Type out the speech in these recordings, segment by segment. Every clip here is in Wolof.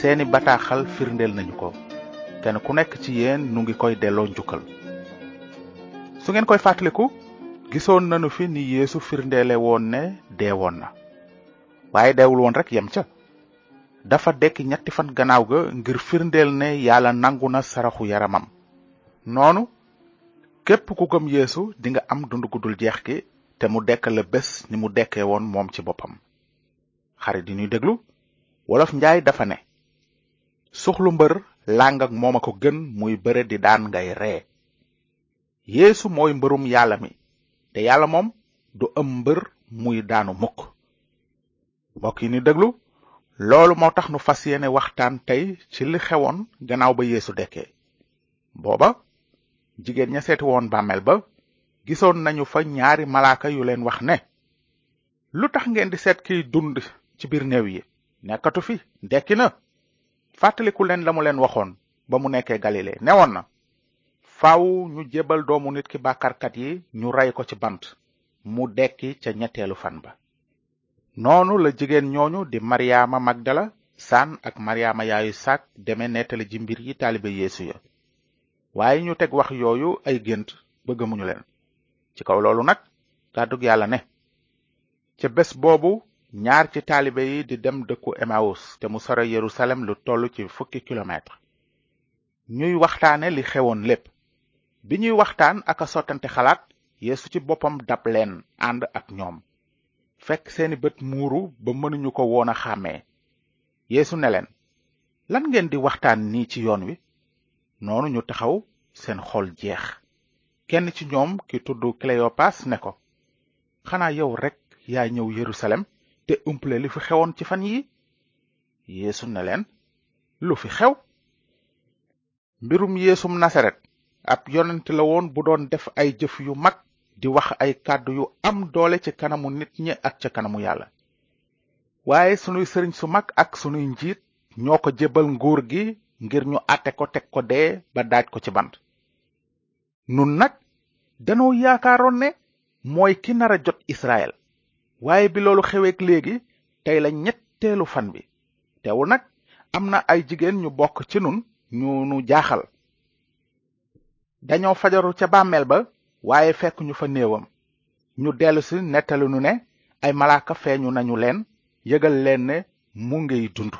seeni bataaxal firndeel nañu ko kenn ku nekk ci yéen nu ngi koy delloo njukkal su ngeen koy fàttaliku gisoon nanu fi ni yéesu firndeele woon ne dee woon na waaye deewul woon rek yem ca dafa dekk ñetti fan gannaaw ga ngir firndeel ne yàlla nangu na saraxu yaramam noonu képp ku gëm yeesu dinga am dund gudul jeex gi te mu dekk la bés ni mu dekkee woon moom ci boppam xarit yi ñuy déglu wolof njaay dafa ne soxlu mbër làng moom a ko gën muy bëre di daan ngay ree yéesu mooy mbërum yàlla mi te yàlla moom du ëm mbër muy daanu mukk mbokk yi ni déglu loolu moo tax nu fas yéene waxtaan tey ci li xewoon gannaaw ba yéesu dekkee booba jigéen ña seeti woon bàmmeel ba gisoon nañu fa ñaari malaaka yu leen wax ne lu tax ngeen di seet kiy dund ci biir néew yi nekkatu fi dekki fàttaliku leen la mu leen waxoon ba mu nekkee galile newoon na faw ñu jébal doomu nit ki bàkkaarkat yi ñu rey ko ci bant mu dekki ca ñetteelu fan ba noonu la jigéen ñooñu di maryaama magdala saan ak maryaama yaayu saak deme nettali ji mbir yi taalibe yeesu ya waaye ñu teg wax yooyu ay gént ba gëmuñu leen ci kaw loolu nag kàddug yàlla ne ca bés boobu ñaar ci taalibe yi di dem dëkku emmaus te mu sore yerusalem lu toll ci fukki kilomètre ñuy waxtaane li xewoon lépp bi ñuy waxtaan ak a sottante xalaat yeesu ci boppam dab leen ànd ak ñoom fekk seeni bët muuru ba mënuñu ko woon a xàmmee yéesu ne leen lan ngeen di waxtaan nii ci yoon wi noonu ñu taxaw seen xool jeex kenn ci ñoom ki tudd kleyopas ne ko xanaa yow rekk yaa ñëw yerusalem te umple lu fi xewoon ci fan yi yeesu ne leen lu fi xew mbirum yéesum nasaret ab yonent la woon bu doon def ay jëf yu mag di wax ay kàddu yu am doole ci kanamu nit ñi ak ca kanamu yàlla waaye sunuy sëriñ su mag ak sunuy njiit ñoo ko jébbal nguur gi ngir ñu àtte ko teg ko dee ba daaj ko ci bant nun nag danoo yaakaaroon ne mooy ki nara jot Israël waaye bi loolu xeweek léegi tey la ñetteelu fan bi teewul nag am na ay jigéen ñu bokk ci nun ñu nu jaaxal dañoo fajaru ca bàmmeel ba waaye fekk ñu fa néewam ñu dellusi nettali nu ne ay malaaka feeñu nañu leen yëgal leen ne mu ngiy dund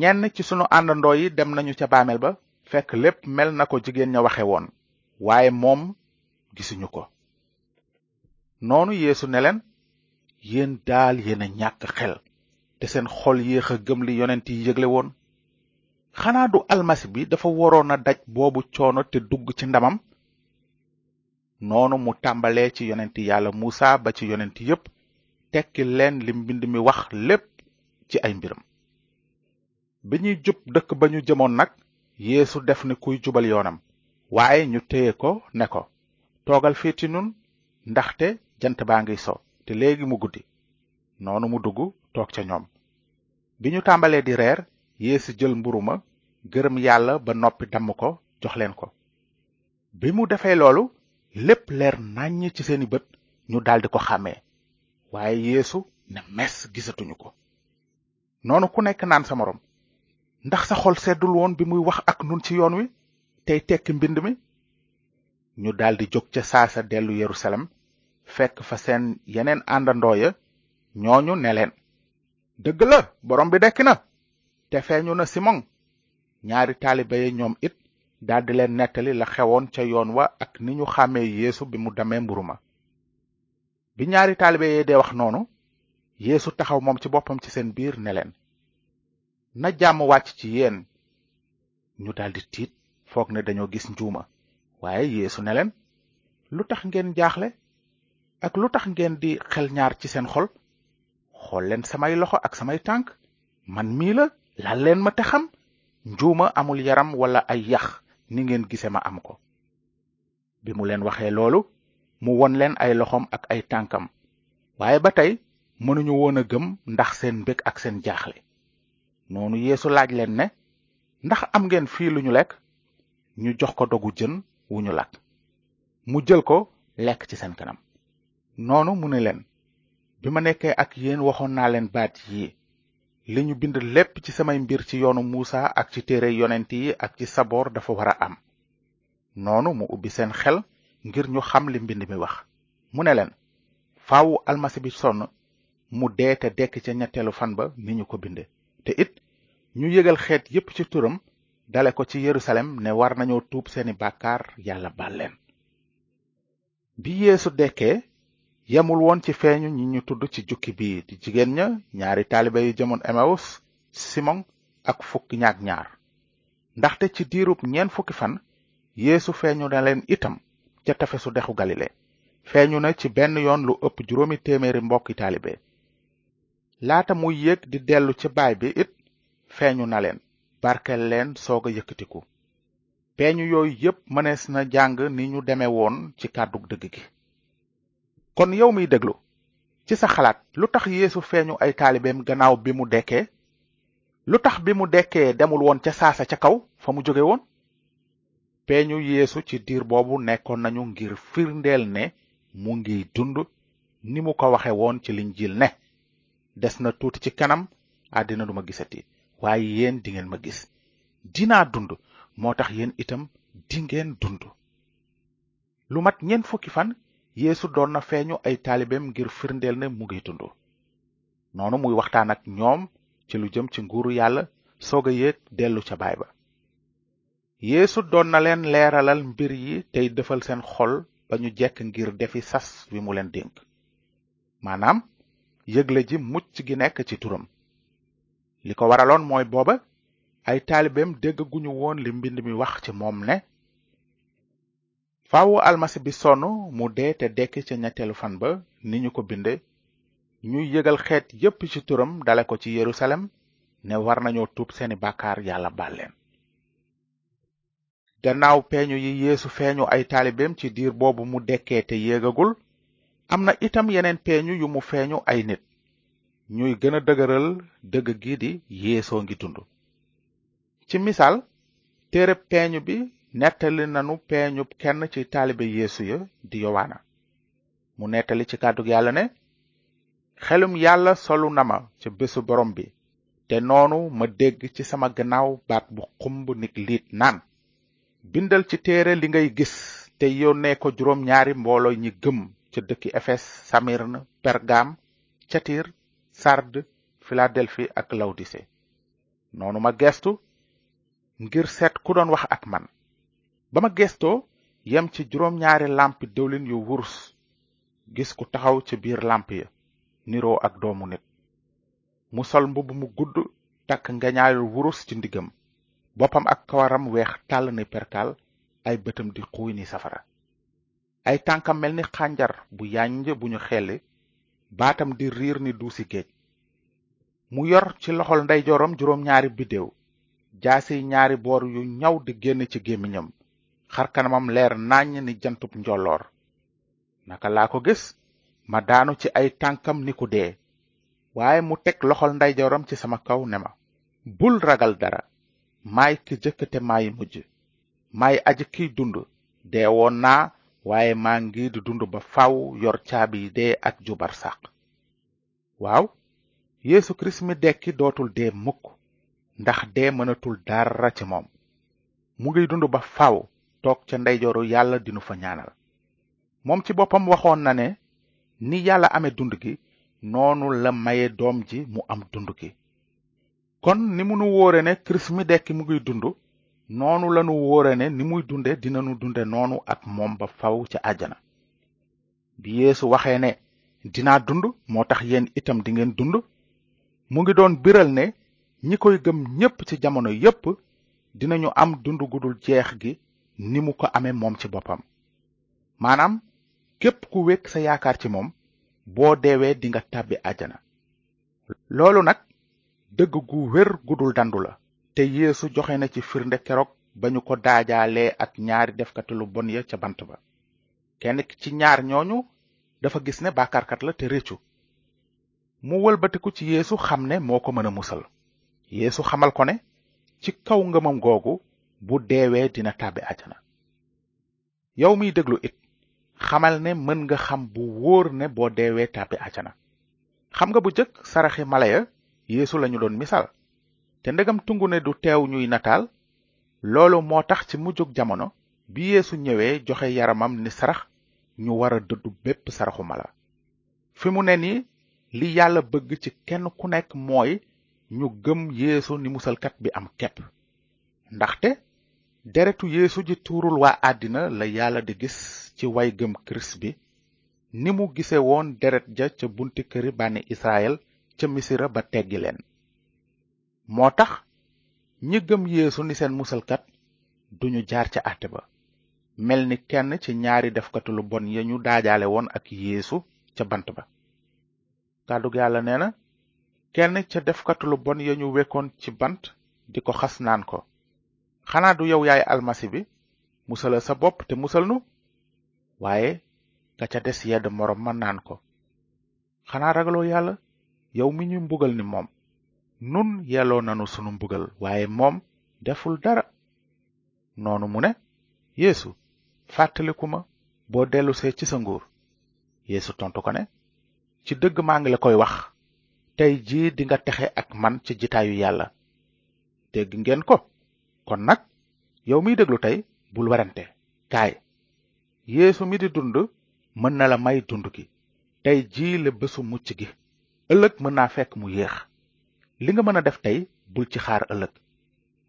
ñenn ci sunu àndandoo yi dem nañu ca bàmmeel ba fekk lépp mel na ko jigéen ña waxe woon waaye moom gisuñu ko noonu yéesu ne leen yéen daal yéen ñàkk xel te seen xol yéex a gëm li yonent yi yëgle woon xanaa du almasi bi dafa waroon a daj boobu coono te dugg ci ndamam noonu mu tàmbalee ci yonent yàlla muusa ba ci yonent yépp tekki leen li mbind mi wax lépp ci ay mbiram bi ñuy jub dëkk ba ñu jëmoon nag yéesu def ni kuy jubal yoonam waaye ñu téye ko ne ko toogal fii nun ndaxte jant baa ngi so te léegi mu guddi noonu mu dugg toog ca ñoom bi ñu tàmbalee di reer yéesu jël mburu ma gërëm yàlla ba noppi damm ko jox leen ko bi mu defee loolu lépp leer nàññ ci seeni bët ñu daldi ko xàmmee waaye yéesu ne mes gisatuñu ko noonu ku nekk naan sa moroom ndax sa xol seddul woon bi muy wax ak nun ci yoon wi tey tekki mbind mi ñu daldi jóg ca saasa dellu yerusalem fekk fa seen yeneen àndandoo ya ñooñu ne leen dëgg la borom bi dekk na te feeñu na simon ñaari taalibe ya ñoom it daldi leen nettali la xewoon ca yoon wa ak ni ñu xàmmee yéesu bi mu damee mburu ma bi ñaari taaliba yee dee wax noonu yéesu taxaw moom ci boppam ci seen biir ne leen na jàmm wàcc ci yéen ñu daldi tiit foog ne dañoo gis njuuma waaye yéesu ne leen lu tax ngeen jaaxle ak lu tax ngeen di xel ñaar ci seen xol xool leen samay loxo ak samay tànk man mii la laal leen ma te xam njuuma amul yaram wala ay yax ni ngeen gise ma am ko bi mu leen waxee loolu mu won leen ay loxoom ak ay tànkam waaye ba tey mënuñu woon a gëm ndax seen mbég ak seen jaaxle noonu yeesu laaj leen ne ndax am ngeen fii lu ñu lekk ñu jox ko dogu jën wuñu ñu mu jël ko lekk ci seen kanam noonu mu ne leen bi ma nekkee ak yéen waxoon naa leen baat yi li ñu bind lépp ci samay mbir ci yoonu muusa ak ci téere yonent yi ak ci saboor dafa war a am noonu mu ubbi seen xel ngir ñu xam li mbind mi wax mu ne leen faawu almasi bi sonn mu dee te dekk ca ñetteelu fan ba ni ñu ko binde te it ñu yëgal xeet yépp ci turam dale ko ci yerusalem ne war nañoo tuub seeni bàkkaar yàlla baal leen yemul woon ci feeñu ñi ñu tudd ci jukki bii di jigéen ña ñaari taalibe yu jëmoon emawus simon ak fukki ñaak ñaar ndaxte ci diirub ñeen fukki fan yéesu feeñu na leen itam ca tefesu dexu galile feeñu na ci benn yoon lu ëpp juróomi téeméeri mbokki taalibe laata muy yéeg di dellu ci baay bi it feeñu na leen barkel leen soog a yëkkatiku peeñu yooyu yépp mënees na jàng ni ñu deme woon ci kàddu dëgg gi kon yow mi déglu ci sa xalaat lu tax yéesu feeñu ay taalibeem gannaaw bi mu dekkee lu tax bi mu dekkee demul woon ca saasa ca kaw fa mu jóge woon peeñu yéesu ci diir boobu nekkoon nañu ngir firndeel ne mu ngiy dund ni mu ko waxe woon ci liñ linjiil ne des na tuuti ci kanam àddina duma gisati waaye yéen dingeen ma gis dinaa dund moo tax yéen itam dingeen dund lu mat ñeent fukki fan yéesu doon na feeñu ay taalibeem ngir firndeel ne mu ngi dund noonu muy waxtaan ak ñoom ci lu jëm ci nguuru yàlla soog a yéeg dellu ca baay ba yéesu doon na leen leeralal mbir yi tey defal seen xol ba ñu jekk ngir defi sas wi mu leen dénk maanaam yëgle ji mucc gi nekk ci turam li ko waraloon mooy booba ay taalibeem déggaguñu woon li mbind mi wax ci moom ne faaw almasi bi sonn mu dee te dekki ca ñetteelu fan ba ni ñu ko binde ñuy yëgal xeet yépp ci turam dale ko ci yerusalem ne war nañoo tuub seeni bàkkaar yàlla baal leen gannaaw peeñu yi yéesu feeñu ay taalibeem ci diir boobu mu dekkee te yéegagul am na itam yeneen peeñu yu mu feeñu ay nit ñuy gëna dëgëral dëgg gi di yeesoo ngi dund ci misaal téere peeñu bi nettali nanu peeñub kenn ci taalibe yeesu ya di yowaana mu nettali ci kàddug yàlla ne xelum yàlla solu na ma ca bésu borom bi te noonu ma dégg ci sama gannaaw baat bu xumb nik liit naan bindal ci téere li ngay gis te yónnee ko juróom ñaari mbooloo ñi gëm ca dëkki efes samirn pergam catir sarde philadelphie ak lawdise noonu ma gestu ngir seet ku doon wax ak man ba ma gestoo yem ci juróom-ñaari làmpi diwlin yu wurus gis ku taxaw ci biir làmp ya niroo ak doomu nit mu sol mbubb mu gudd takk ngañaayul wurus ci ndiggam boppam ak kawaram weex tàll ni perkaal ay bëtam di xuuy ni safara ay tànkam mel ni xànjar bu yànj bu ñu xelli baatam di riir ni duusi géej mu yor ci loxol ndeyjooram juróom ñaari biddéew jaasi ñaari boor yu ñaw di génn ci gémmiñam xar kanamam leer nàññ ni jantub njolloor naka laa ko gis ma daanu ci ay tànkam niku dee waaye mu teg loxol ndeyjooram ci sama kaw ne ma bul ragal dara maay ki jëkk te maay mujj maay aji kiy dund dee woon naa waaye maa ngi di dund ba faw yor caabi dee ak jubar sàq waaw yeesu kirist mi dekki dootul dee mukk ndax dee mënatul dara ci moom mu ngiy dund ba faw toog ca ndeyjooru yàlla dinu fa ñaanal moom ci boppam waxoon na ne ni yàlla amee dund gi noonu la maye doom ji mu am dund gi kon ni mënu nu wóore ne kirist mi dekki mu ngiy dund noonu lanu wóore ne ni muy dunde dinanu dunde noonu ak moom ba faw ca àjjana bi yéesu waxee ne dinaa dund moo tax yéen itam dingeen dund mu ngi doon biral ne ñi koy gëm ñépp ci jamono yépp dinañu am dund gudul jeex gi ni mu ko amee moom ci boppam maanaam képp ku wékk sa yaakaar ci moom boo deewee dinga tàbbi àjjana loolu nag dëgg gu wér gudul dandu la te yeesu joxe na ci firnde keroog ba ñu ko daajaalee ak ñaari defkati lu bon ya ca bant ba kenn ci ñaar ñooñu dafa gis ne bàkkaarkat la te réccu mu wëlbatiku ci yeesu xam ne moo ko mën a musal yeesu xamal ko ne ci kaw ngëmam googu bu deewee dina tàbbi àjjana yow miy déglu it xamal ne mën nga xam bu wóor ne boo deewee tàbbi àjjana xam nga bu jëkk saraxi mala ya yeesu lañu doon misaal te ndegam tungu ne du teew ñuy nataal loolu moo tax ci mujjug jamono bi yéesu ñëwee joxe yaramam ni sarax ñu war a dëddu bépp saraxu mala fi mu ne nii li yàlla bëgg ci kenn ku nekk mooy ñu gëm yeesu ni musalkat bi am kepp ndaxte deretu yéesu ji tuurul waa àddina la yàlla di gis ci way gëm kirist bi ni mu gise woon deret ja ca bunt këri bànni israel ca misira ba teggi leen moo tax ñi gëm yeesu ni seen musalkat duñu jaar ca àtte ba mel ni kenn ci ñaari defkatu lu bon ya ñu daajaale woon ak yéesu ca bant ba kàddug yàlla nee na kenn ca defkatu lu bon ya ñu wekkoon ci bant di ko xas naan ko xanaa du yow yaay almasi bi musala sa bopp te musal nu waaye ka ca des yedd moroom ma naan ko xanaa ragaloo yàlla yow mi ñu bugal ni moom nun yelloo nanu sunu mbugal waaye moom deful dara noonu mu ne yeesu fàttaliku ma boo dellusee ci sa nguur yeesu tontu ko ne ci dëgg maa ngi la koy wax tey jii dinga texe ak man ci jitaayu yàlla dégg ngeen ko kon nag yow miy déglu tey bul werante kaay yéesu mi di dund mën na la may dund gi tey jii la bésu mucc gi ëllëg mën naa fekk mu yéex li nga mën a def tey bul ci xaar ëllëg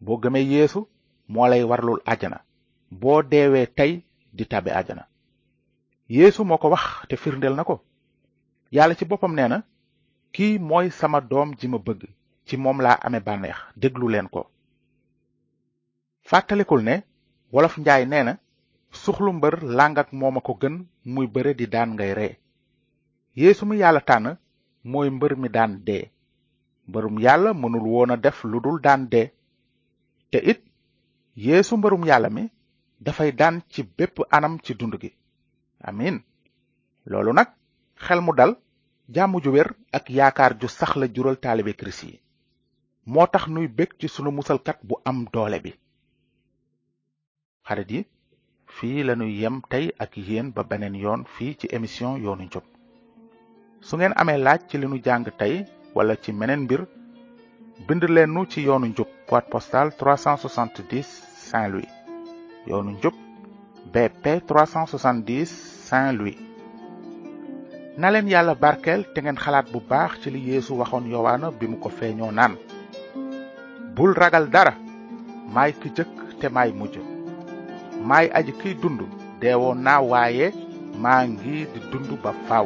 boo gëmee yéesu moo lay warlul ajana boo deewee tey di tàbbi ajana yeesu moo ko wax te firndeel na ko yàlla ci boppam nee na kii mooy sama doom ji ma bëgg ci moom laa amee bànneex déglu leen ko fàttalikul ne wolof njaay nee na suxlu mbër làng moom a ko gën muy bëre di daan ngay ree yeesu mi yàlla tànn mooy mbër mi daan dee mbërum yàlla mënul woon a def lu dul daan dee te it yéesu mbërum yàlla mi dafay daan ci bépp anam ci dund gi amin loolu nag xel mu dal jàmm ju wér ak yaakaar ju sax la jural taalibe kirist yi moo tax nuy bég ci sunu musalkat bu am doole bi xarit yi fii lañu yem tey ak yéen ba beneen yoon fii ci émission yoonu njub su ngeen amee laaj ci li jàng tey wala ci meneen mbir bind leen ci yoonu njub boîte postale 370 Saint-Louis yoonu njub BP 370 Saint-Louis na leen yàlla barkeel te ngeen xalaat bu baax ci li Yeesu waxoon Yowaana bi mu ko feeñoo naan bul ragal dara maay ki jëkk te maay mujj may aji kiy dund deewoon naa waaye maa ngi di dund ba faw